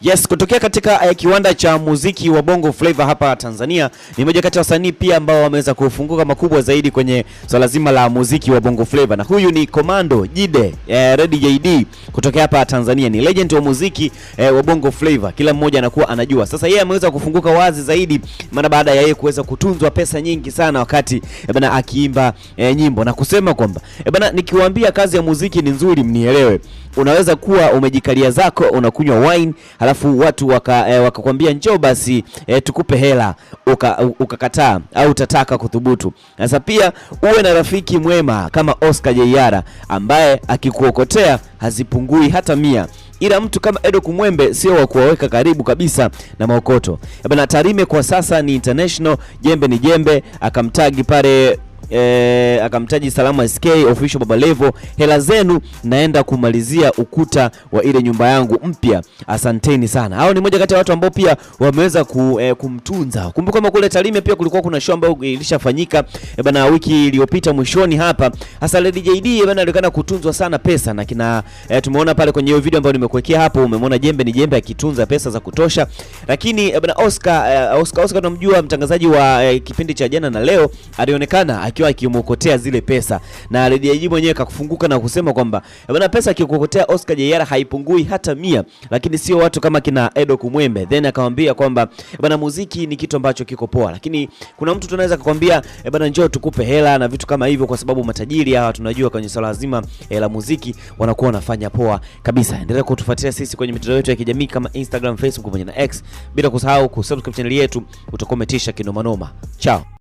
Yes, kutokea katika uh, kiwanda cha muziki wa Bongo Flava hapa Tanzania ni moja kati ya wasanii pia ambao wameweza kufunguka makubwa zaidi kwenye swala so zima la muziki wa Bongo Flava, na huyu ni Komando Jide uh, Red JD kutokea hapa Tanzania, ni legend wa muziki uh, wa Bongo Flava, kila mmoja anakuwa anajua. Sasa yeye ameweza kufunguka wazi zaidi, maana baada ya yeye kuweza kutunzwa pesa nyingi sana wakati bana akiimba uh, nyimbo na kusema kwamba bana, nikiwaambia kazi ya muziki ni nzuri, mnielewe unaweza kuwa umejikalia zako unakunywa wine, halafu watu eh, wakakwambia e, waka njoo basi e, tukupe hela ukakataa, uka au utataka kuthubutu. Sasa pia uwe na rafiki mwema kama Oscar Jeiara ambaye akikuokotea hazipungui hata mia ila mtu kama Edo Kumwembe sio wa kuwaweka karibu kabisa na maokoto bana. Tarime kwa sasa ni international, jembe ni jembe, akamtagi pale e, akamtaji Salama SK official Baba Levo, hela zenu naenda kumalizia ukuta wa ile nyumba yangu mpya, asanteni sana. Hao ni moja kati ya watu ambao pia wameweza ku, e, kumtunza. Kumbuka kama kule Tarime pia kulikuwa kuna show ambayo ilishafanyika e, bana wiki iliyopita mwishoni hapa. Hasa Lady JD e, bana alikana kutunzwa sana pesa na kina e, tumeona pale kwenye hiyo video ambayo nimekuwekea hapo, umemwona jembe ni jembe akitunza pesa za kutosha, lakini e, bana Oscar, e, Oscar Oscar Oscar tunamjua mtangazaji wa e, kipindi cha jana na leo alionekana akiwa akimwokotea zile pesa, na Rediaji mwenyewe kakufunguka na kusema kwamba eh, bwana, pesa akikuokotea Oscar Jayara haipungui hata mia, lakini sio watu kama kina Edo Kumwembe. Then akamwambia kwamba eh, bwana, muziki ni kitu ambacho kiko poa, lakini kuna mtu tunaweza kukwambia eh, bwana, njoo tukupe hela na vitu kama hivyo, kwa sababu matajiri hawa tunajua kwenye swala zima la muziki wanakuwa wanafanya poa kabisa. Endelea kutufuatilia sisi kwenye mitandao yetu ya kijamii kama Instagram, Facebook pamoja na X, bila kusahau kusubscribe channel yetu, utakometisha kinomanoma. Chao.